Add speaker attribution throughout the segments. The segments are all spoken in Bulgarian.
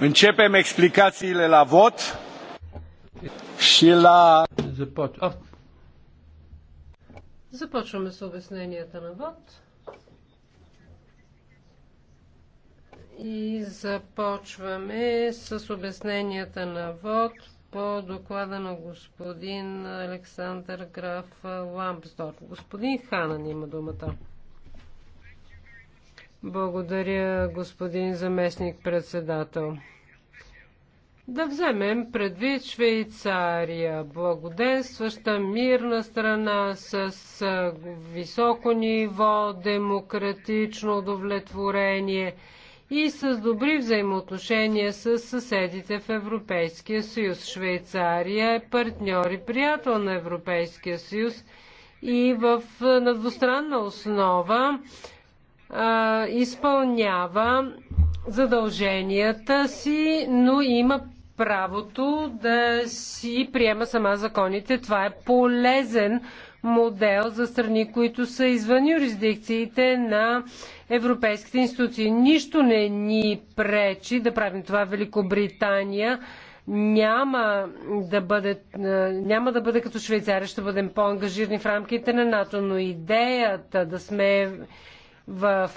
Speaker 1: Începem explicațiile la vot și la...
Speaker 2: Започваме с обясненията на вод. И започваме с обясненията на вод по доклада на господин Александър Граф Ламбсдорф. Господин Ханан има думата. Благодаря, господин заместник председател. Да вземем предвид Швейцария, благоденстваща мирна страна с високо ниво демократично удовлетворение и с добри взаимоотношения с съседите в Европейския съюз. Швейцария е партньор и приятел на Европейския съюз и в, на двустранна основа изпълнява задълженията си, но има правото да си приема сама законите. Това е полезен модел за страни, които са извън юрисдикциите на европейските институции. Нищо не ни пречи да правим това. Великобритания няма да бъде, няма да бъде като Швейцария, ще бъдем по-ангажирани в рамките на НАТО, но идеята да сме в,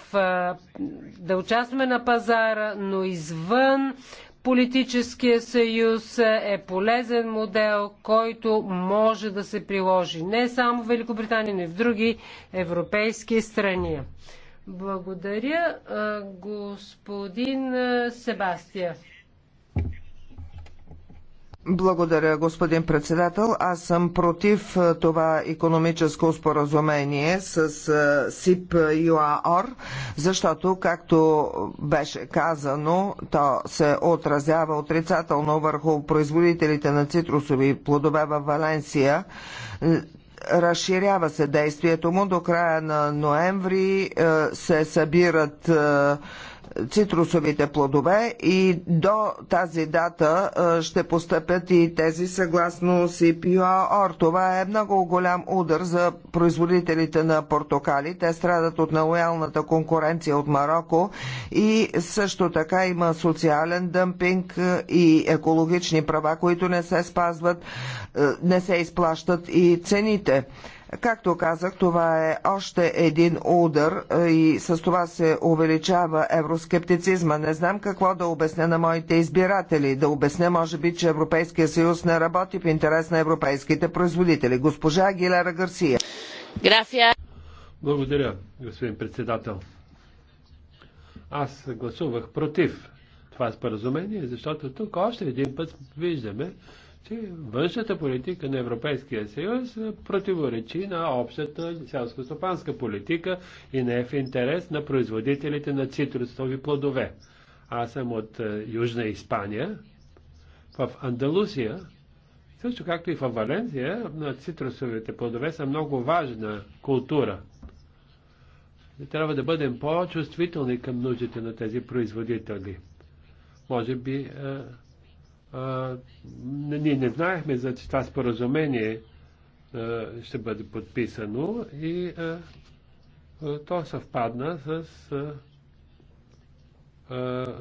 Speaker 2: да участваме на пазара, но извън политическия съюз е полезен модел, който може да се приложи не само в Великобритания, но и в други европейски страни. Благодаря, господин Себастия.
Speaker 3: Благодаря, господин председател. Аз съм против е, това економическо споразумение с е, СИП ЮАОР, защото, както беше казано, то се отразява отрицателно върху производителите на цитрусови плодове в Валенсия разширява се действието му. До края на ноември е, се събират цитрусовите плодове и до тази дата ще постъпят и тези съгласно CPOR. Това е много голям удар за производителите на портокали. Те страдат от нелоялната конкуренция от Марокко и също така има социален дъмпинг и екологични права, които не се спазват, не се изплащат и цените. Както казах, това е още един удар е, и с това се увеличава евроскептицизма. Не знам какво да обясня на моите избиратели. Да обясня, може би, че Европейския съюз не работи в интерес на европейските производители.
Speaker 1: Госпожа Гилера Гарсия. Грация. Благодаря, господин председател. Аз гласувах против това споразумение, защото тук още един път виждаме, че външната политика на Европейския съюз противоречи на общата селско-стопанска политика и не е в интерес на производителите на цитрусови плодове. Аз съм от е, Южна Испания. В Андалусия, също както и в Валенсия, на цитрусовите плодове са много важна култура. Трябва да бъдем по-чувствителни към нуждите на тези производители. Може би е, а, ние не знаехме за че това споразумение а, ще бъде подписано и а, а, то съвпадна с а, а,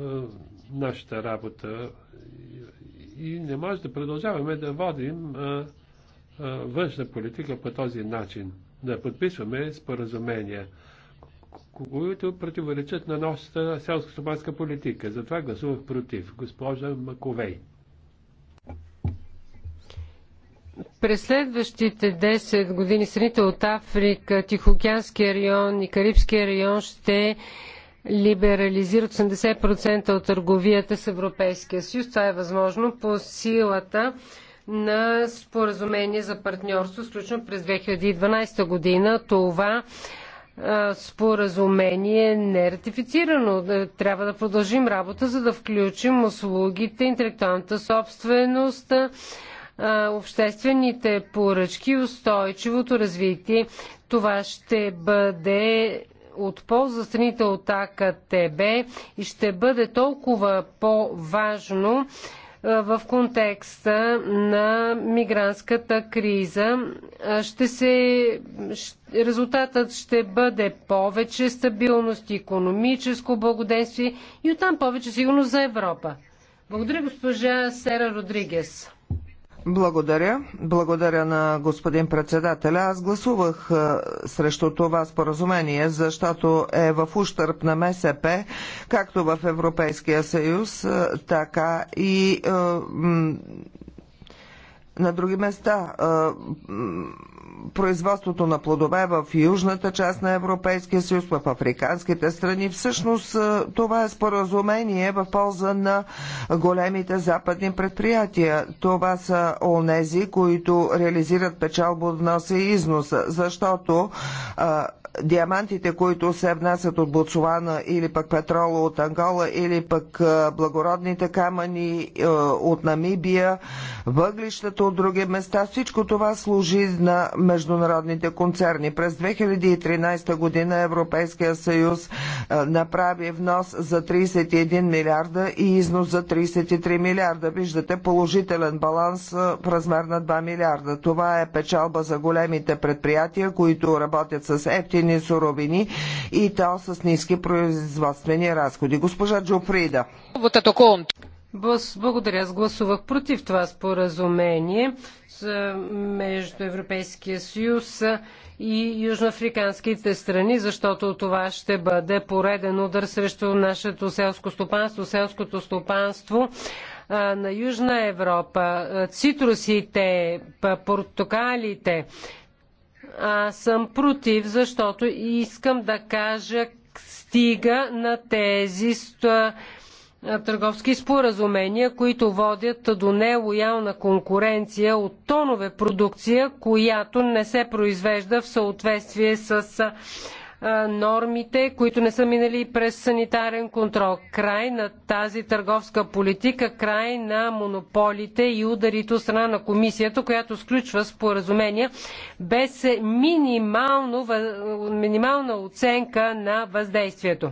Speaker 1: нашата работа. И, и не може да продължаваме да водим а, а, външна политика по този начин, да подписваме споразумения които противоречат на нашата селско-стопанска политика. Затова гласувах против. Госпожа Маковей. През следващите
Speaker 2: 10 години страните от Африка, Тихоокеанския район и Карибския район ще либерализират 80% от търговията с Европейския съюз. Това е възможно по силата на споразумение за партньорство, включно през 2012 година. Това споразумение не е ратифицирано. Трябва да продължим работа, за да включим услугите, интелектуалната собственост, обществените поръчки, устойчивото развитие. Това ще бъде от полза страните от АКТБ и ще бъде толкова по-важно в контекста на мигрантската криза. Ще се, резултатът ще бъде повече стабилност, економическо благоденствие и оттам повече сигурност за Европа. Благодаря госпожа Сера Родригес.
Speaker 3: Благодаря. Благодаря на господин председателя. Аз гласувах е, срещу това споразумение, защото е в ущърп на МСП, както в Европейския съюз, е, така и е, на други места производството на плодове в южната част на Европейския съюз, в африканските страни. Всъщност това е споразумение в полза на големите западни предприятия. Това са онези, които реализират печалба от вноса и износа, защото диамантите, които се внасят от Ботсуана или пък петрола от Ангола или пък благородните камъни от Намибия, въглищата от други места, всичко това служи на международните концерни. През 2013 година Европейския съюз е, направи внос за 31 милиарда и износ за 33 милиарда. Виждате положителен баланс е, в размер на 2 милиарда. Това е печалба за големите предприятия, които работят с ефтини суровини и то с ниски производствени разходи. Госпожа Джофрида.
Speaker 2: Благодаря. Аз гласувах против това споразумение между Европейския съюз и южноафриканските страни, защото това ще бъде пореден удар срещу нашето селско стопанство, селското стопанство на Южна Европа, цитрусите, портокалите. Аз съм против, защото искам да кажа стига на тези стоености е, търговски споразумения, които водят до нелоялна конкуренция от тонове продукция, която не се произвежда в съответствие с е, нормите, които не са минали през санитарен контрол. Край на тази търговска политика, край на монополите и ударите от страна на комисията, която сключва споразумения без минимална оценка на въздействието.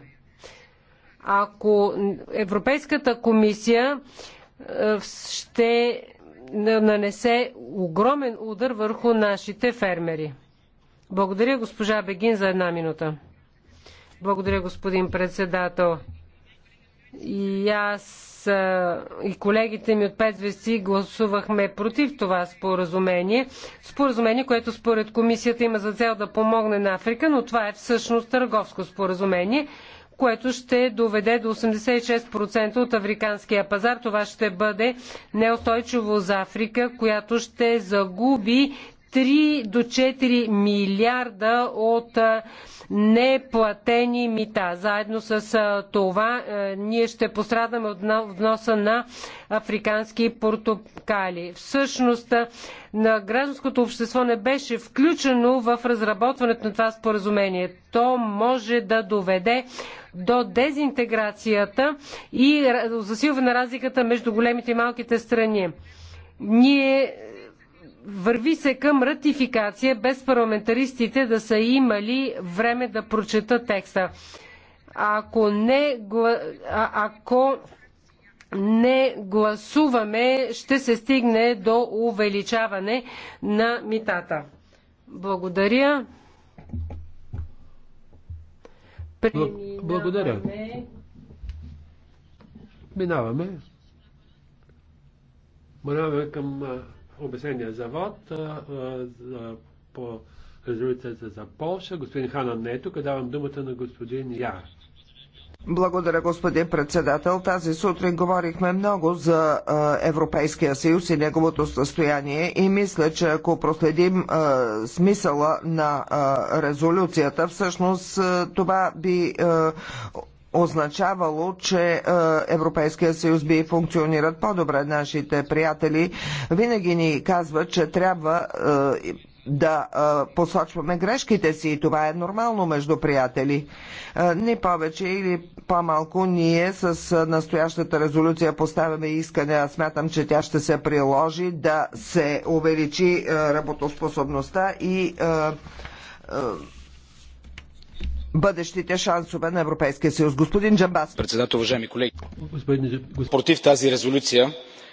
Speaker 2: Ако Европейската комисия е, ще нанесе огромен удар върху нашите фермери. Благодаря госпожа Бегин за една минута. Благодаря господин председател. И аз е, и колегите ми от пет гласувахме против това споразумение. Споразумение, което според комисията има за цел да помогне на Африка, но това е всъщност търговско споразумение което ще доведе до 86% от африканския пазар. Това ще бъде неустойчиво за Африка, която ще загуби 3 до 4 милиарда от неплатени мита. Заедно с това ние ще пострадаме от вноса на африкански портокали. Всъщност на гражданското общество не беше включено в разработването на това споразумение. То може да доведе до дезинтеграцията и засилване на разликата между големите и малките страни. Ние Върви се към ратификация без парламентаристите да са имали време да прочетат текста. Ако не, ако не гласуваме, ще се стигне до увеличаване на митата. Благодаря. Преминаваме... Благодаря.
Speaker 1: Минаваме. Минаваме към обяснения за вод по резолюцията за Полша. Господин Хана не е тук. Давам думата на господин Яр.
Speaker 3: Благодаря, господин председател. Тази сутрин говорихме много за Европейския съюз и неговото състояние и мисля, че ако проследим е, смисъла на е, резолюцията, всъщност е, това би означавало, че е, Европейския съюз би функционират по-добре. Нашите приятели винаги ни казват, че трябва е, да е, посочваме грешките си и това е нормално между приятели. Ни не повече или по-малко ние с настоящата резолюция поставяме искане, А смятам, че тя ще се приложи да се увеличи работоспособността и бъдещите шансове на Европейския съюз. Господин Джамбас.
Speaker 4: Председател, уважаеми колеги. Против тази резолюция,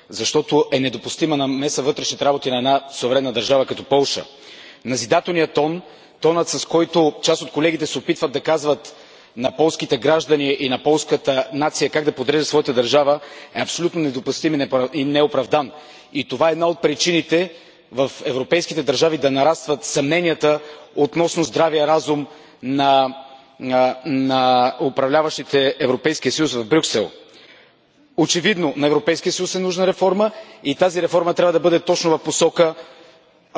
Speaker 4: защото е недопустима на меса вътрешните работи на една суверенна държава като Полша. Назидателният тон, тонът с който част от колегите се опитват да казват на полските граждани и на полската нация как да подрежда своята държава е абсолютно недопустим и неоправдан. И това е една от причините в европейските държави да нарастват съмненията относно здравия разум на на управляващите европейския съюз в брюксел. очевидно на европейския съюз е нужна реформа и тази реформа трябва да бъде точно в посока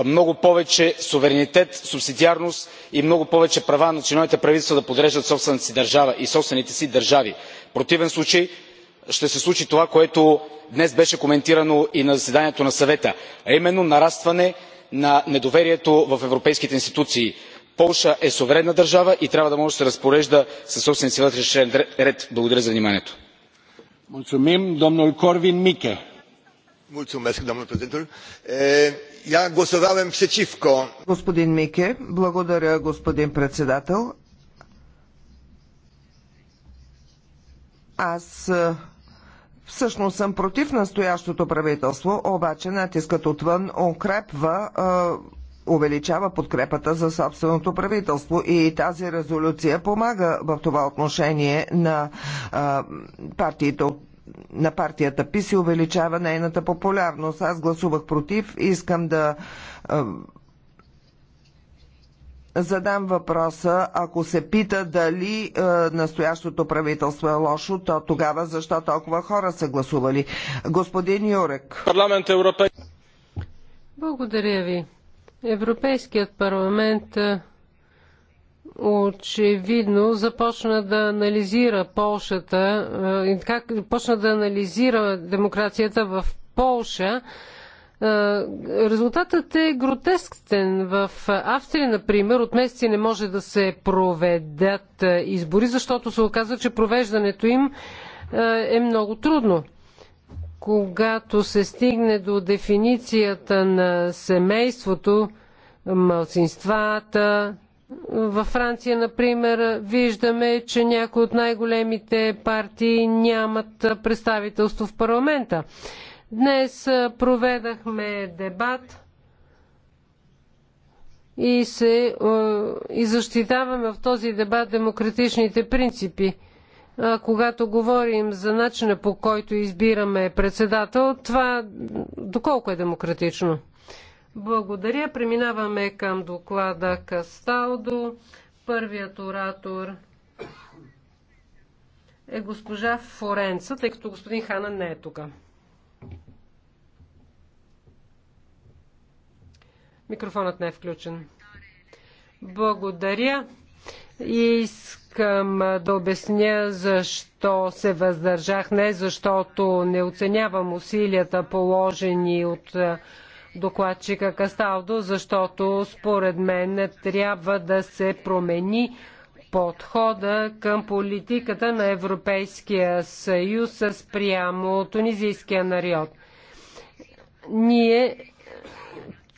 Speaker 4: много повече суверенитет субсидиарност и много повече права на националните правителства да подреждат собствената си държава и собствените си държави. в противен случай ще се случи това което днес беше коментирано и на заседанието на съвета а именно нарастване на недоверието в европейските институции полша е суверенна държава и трябва да може да се разпорежда със собствения си вътрешен ред. благодаря за вниманието.
Speaker 1: Ja głosowałem przeciwko.
Speaker 3: Господин Мике, благодаря, господин председател. Аз е, всъщност съм против настоящото правителство, обаче натискът отвън укрепва е, увеличава подкрепата за собственото правителство и тази резолюция помага в това отношение на а, партиите от на партията ПИС и увеличава нейната популярност. Аз гласувах против и искам да е, задам въпроса, ако се пита дали е, настоящото правителство е лошо, то тогава защо толкова хора са гласували? Господин Юрек. Парламент Европей.
Speaker 2: Благодаря ви. Европейският парламент е, очевидно започна да анализира Полшата, е, как почна да анализира демокрацията в Полша. Е, резултатът е гротесктен. В Австрия, например, от месеци не може да се проведат избори, защото се оказва, че провеждането им е много трудно когато се стигне до дефиницията на семейството, малцинствата, във Франция, например, виждаме, че някои от най-големите партии нямат представителство в парламента. Днес проведахме дебат и, се, и защитаваме в този дебат демократичните принципи когато говорим за начина по който избираме председател, това доколко е демократично? Благодаря. Преминаваме към доклада Касталдо. Първият оратор е госпожа Форенца, тъй като господин Хана не е тук. Микрофонът не е включен. Благодаря. И искам да обясня защо се въздържах. Не защото не оценявам усилията положени от е, докладчика Касталдо, защото според мен трябва да се промени подхода към политиката на Европейския съюз спрямо тунизийския народ. Ние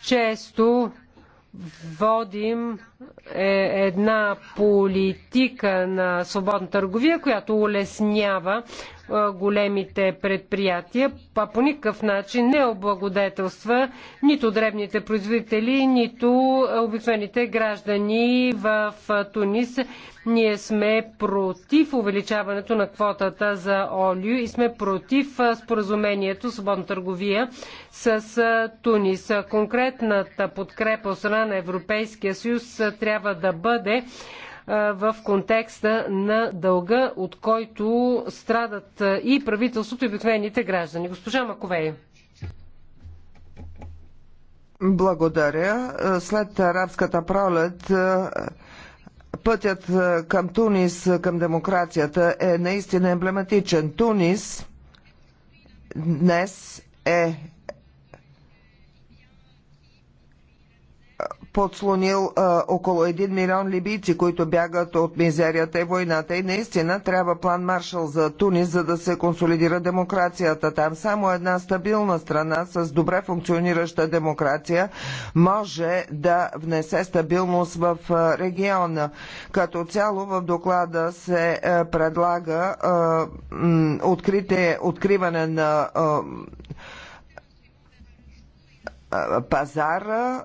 Speaker 2: често водим е една политика на свободна търговия, която улеснява големите предприятия, а по никакъв начин не облагодетелства нито дребните производители, нито обикновените граждани в Тунис. Ние сме против увеличаването на квотата за олио и сме против споразумението свободна търговия с Тунис. Конкретната подкрепа от страна на Европейския съюз трябва да бъде в контекста на дълга, от който страдат и правителството и обикновените граждани. Госпожа Маковей.
Speaker 3: Благодаря. След арабската пролет пътят към Тунис, към демокрацията е наистина емблематичен. Тунис днес е подслонил а, около 1 милион либийци, които бягат от мизерията и войната. И наистина трябва план Маршал за Тунис, за да се консолидира демокрацията там. Само една стабилна страна с добре функционираща демокрация може да внесе стабилност в а, региона. Като цяло в доклада се а, предлага а, открите, откриване на а, пазара,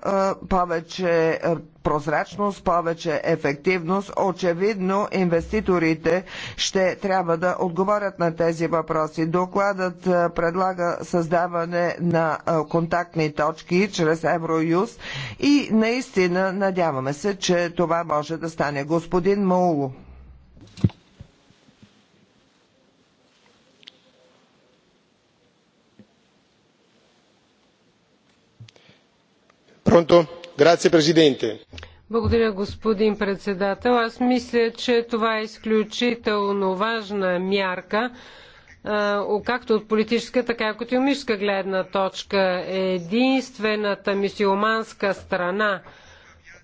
Speaker 3: повече прозрачност, повече ефективност. Очевидно, инвеститорите ще трябва да отговорят на тези въпроси. Докладът предлага създаване на контактни точки чрез Евроюз и наистина надяваме се, че това може да стане. Господин Моуло.
Speaker 2: Благодаря, господин председател. Аз мисля, че това е изключително важна мярка, както от политическа, така и от економическа гледна точка. Единствената мисиоманска страна,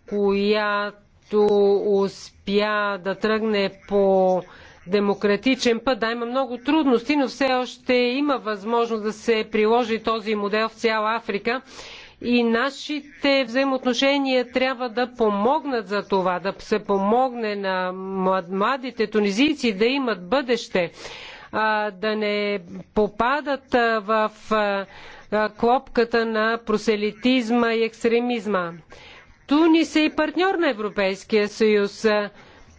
Speaker 2: която успя да тръгне по демократичен път. Да, има много трудности, но все още има възможност да се приложи този модел в цяла Африка и нашите взаимоотношения трябва да помогнат за това, да се помогне на младите тунизийци да имат бъдеще, да не попадат в клопката на проселитизма и екстремизма. Тунис е и партньор на Европейския съюз.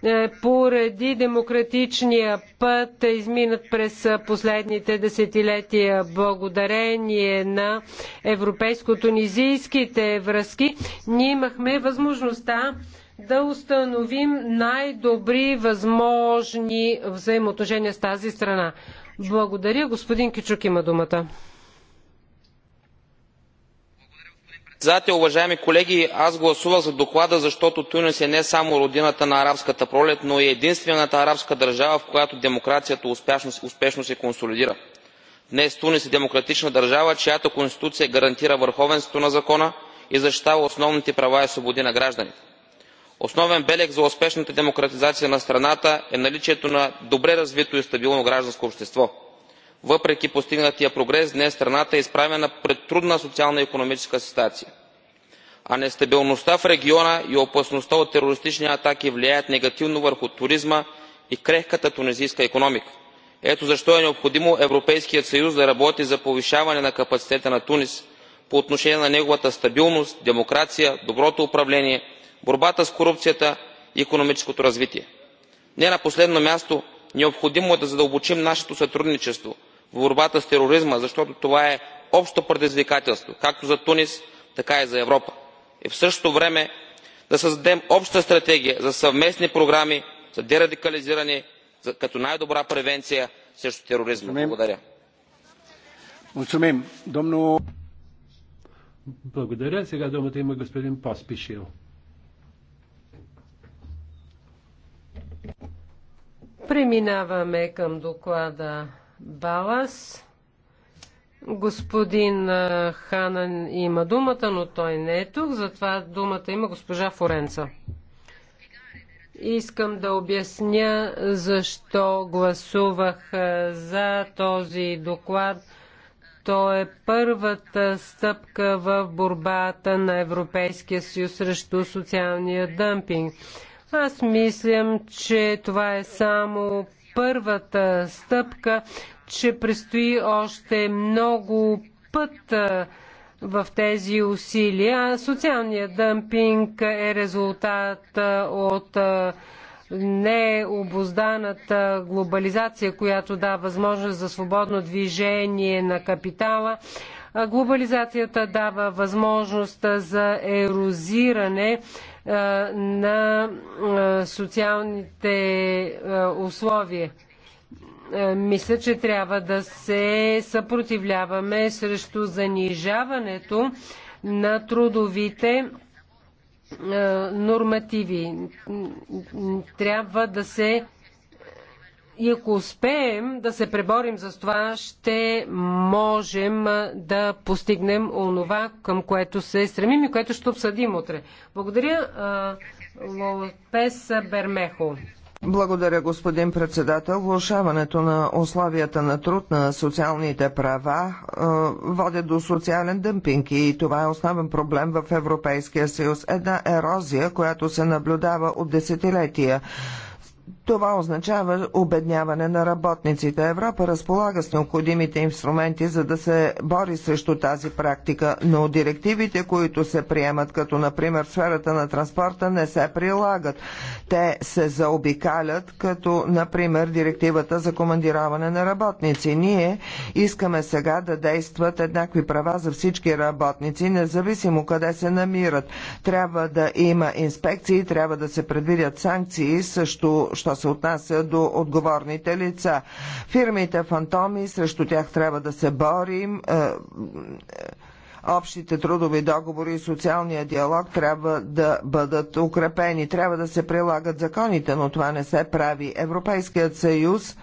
Speaker 2: Е, поради демократичния път е изминат през последните десетилетия. Благодарение на европейско-тунизийските връзки ние имахме възможността да установим най-добри възможни взаимоотношения с тази страна. Благодаря. Господин Кичук има думата.
Speaker 5: председател уважаеми колеги! аз гласувах за доклада защото тунис е не само родината на арабската пролет но и единствената арабска държава в която демокрацията успешно се консолидира. днес тунис е демократична държава чиято конституция гарантира върховенството на закона и защитава основните права и свободи на гражданите. основен белег за успешната демократизация на страната е наличието на добре развито и стабилно гражданско общество въпреки постигнатия прогрес днес страната е изправена пред трудна социална и икономическа ситуация а нестабилността в региона и опасността от терористични атаки влияят негативно върху туризма и крехката тунизийска икономика. ето защо е необходимо европейският съюз да работи за повишаване на капацитета на тунис по отношение на неговата стабилност демокрация доброто управление борбата с корупцията и икономическото развитие. не на последно място необходимо е да задълбочим нашето сътрудничество борбата с тероризма защото това е общо предизвикателство както за тунис така и за европа и в същото време да създадем обща стратегия за съвместни програми за дерадикализиране като най добра превенция срещу тероризма. благодаря.
Speaker 1: Благодаря. Сега думата има господин Паспишил.
Speaker 2: Преминаваме към доклада Балас. Господин Ханан има думата, но той не е тук, затова думата има госпожа Форенца. Искам да обясня защо гласувах за този доклад. То е първата стъпка в борбата на Европейския съюз срещу социалния дъмпинг. Аз мислям, че това е само първата стъпка, че предстои още много път в тези усилия. Социалният дъмпинг е резултат от необозданата глобализация, която дава възможност за свободно движение на капитала. Глобализацията дава възможност за ерозиране на социалните условия. Мисля, че трябва да се съпротивляваме срещу занижаването на трудовите нормативи. Трябва да се и ако успеем да се преборим за това, ще можем да постигнем онова, към което се стремим и което ще обсъдим утре. Благодаря, Лопес Бермехо. Благодаря, господин
Speaker 3: председател. Влушаването на условията на труд на социалните права е, води до социален дъмпинг и това е основен проблем в Европейския съюз. Една ерозия, която се наблюдава от десетилетия. Това означава обедняване на работниците. Европа разполага с необходимите инструменти, за да се бори срещу тази практика, но директивите, които се приемат, като например сферата на транспорта, не се прилагат. Те се заобикалят, като например директивата за командираване на работници. Ние искаме сега да действат еднакви права за всички работници, независимо къде се намират. Трябва да има инспекции, трябва да се предвидят санкции, също, що се отнася до отговорните лица. Фирмите фантоми, срещу тях трябва да се борим е, общите трудови договори и социалния диалог трябва да бъдат укрепени. Трябва да се прилагат законите, но това не се прави. Европейският съюз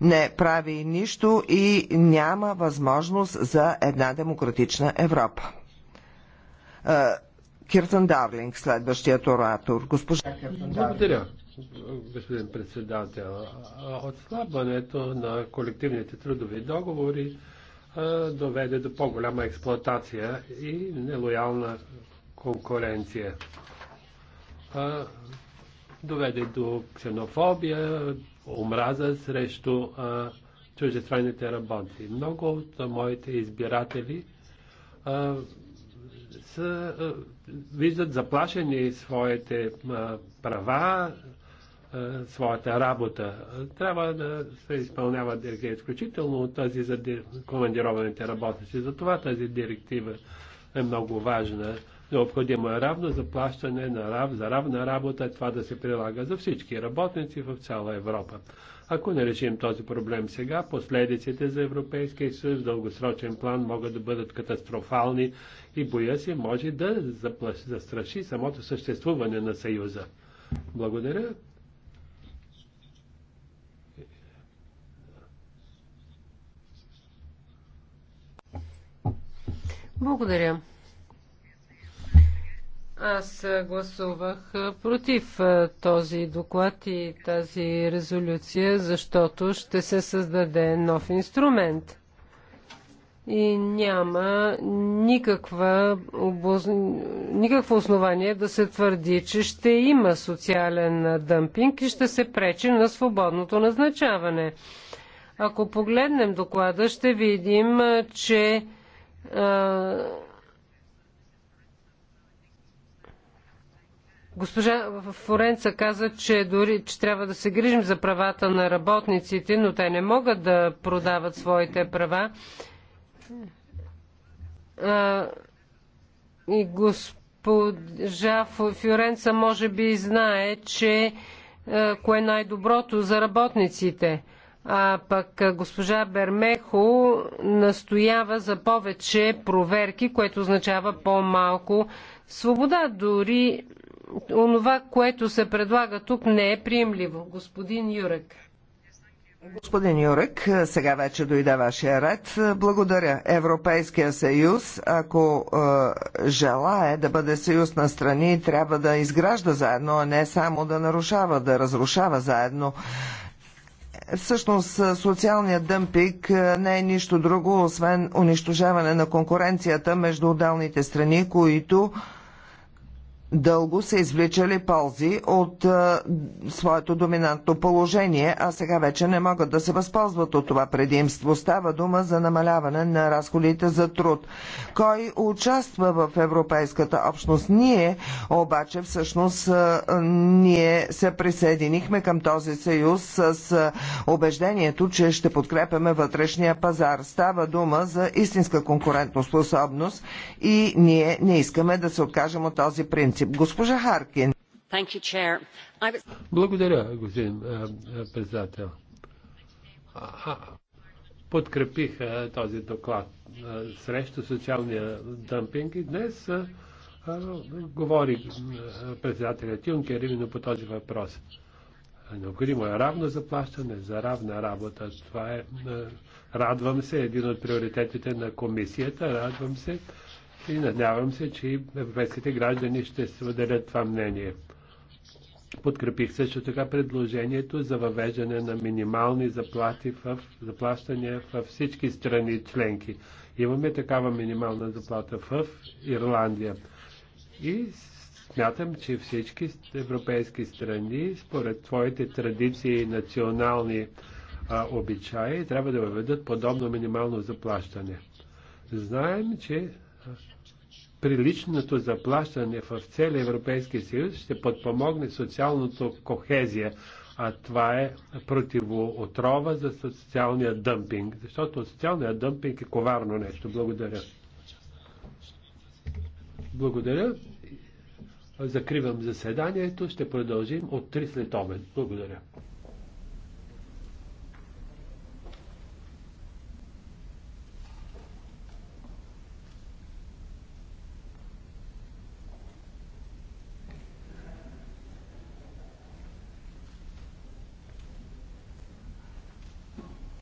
Speaker 3: не прави нищо и няма възможност за една демократична Европа. Е, Киртън Дарлинг, следващият оратор. Госпожа Киртън Дарлинг.
Speaker 1: Благодаря господин председател. Отслабването на колективните трудови договори доведе до по-голяма експлоатация и нелоялна конкуренция. Доведе до ксенофобия, омраза срещу чуждестранните работи. Много от моите избиратели са, виждат заплашени своите права, е, своята работа. Трябва да се изпълнява директива, изключително тази за командированите работници. Затова тази директива е много важна. Необходимо е равно заплащане на рав, за равна работа, това да се прилага за всички работници в цяла Европа. Ако не решим този проблем сега, последиците за Европейския съюз в дългосрочен план могат да бъдат катастрофални и боя се може да застраши самото съществуване на Съюза. Благодаря.
Speaker 2: Благодаря. Аз гласувах против този доклад и тази резолюция, защото ще се създаде нов инструмент. И няма никаква, обоз... никакво основание да се твърди, че ще има социален дъмпинг и ще се пречи на свободното назначаване. Ако погледнем доклада, ще видим, че е, госпожа Форенца каза, че дори че трябва да се грижим за правата на работниците, но те не могат да продават своите права. А, е, и госпожа Фюренца може би знае, че а, е, кое е най-доброто за работниците. А пък госпожа Бермехо настоява за повече проверки, което означава по-малко свобода. Дори онова, което се предлага тук, не е приемливо. Господин Юрек.
Speaker 3: Господин Юрек, сега вече дойде вашия ред. Благодаря. Европейския съюз, ако е, желае да бъде съюз на страни, трябва да изгражда заедно, а не само да нарушава, да разрушава заедно. Всъщност е, социалният дъмпинг е, не е нищо друго, освен унищожаване на конкуренцията между отделните страни, които дълго са извличали ползи от а, своето доминантно положение, а сега вече не могат да се възползват от това предимство. Става дума за намаляване на разходите за труд. Кой участва в Европейската общност? Ние обаче всъщност а, ние се присъединихме към този съюз с а, убеждението, че ще подкрепяме вътрешния пазар. Става дума за истинска конкурентоспособност и ние не искаме да се откажем от този принцип принцип. Госпожа Харкин.
Speaker 1: Благодаря, господин председател. Подкрепих този доклад срещу социалния дъмпинг и днес говори председателят Юнкер именно по този въпрос. Необходимо е равно заплащане за равна работа. Това е, радвам се, един от приоритетите на комисията. Радвам се, и надявам се, че европейските граждани ще въделят това мнение. Подкрепих също така предложението за въвеждане на минимални заплати в заплащания във всички страни членки. Имаме такава минимална заплата в Ирландия. И смятам, че всички европейски страни, според своите традиции и национални а, обичаи, трябва да въведат подобно минимално заплащане. Знаем, че приличното заплащане в целия Европейски съюз ще подпомогне социалното кохезия, а това е противоотрова за социалния дъмпинг, защото социалният дъмпинг е коварно нещо. Благодаря. Благодаря. Закривам заседанието. Ще продължим от 3 след обед. Благодаря.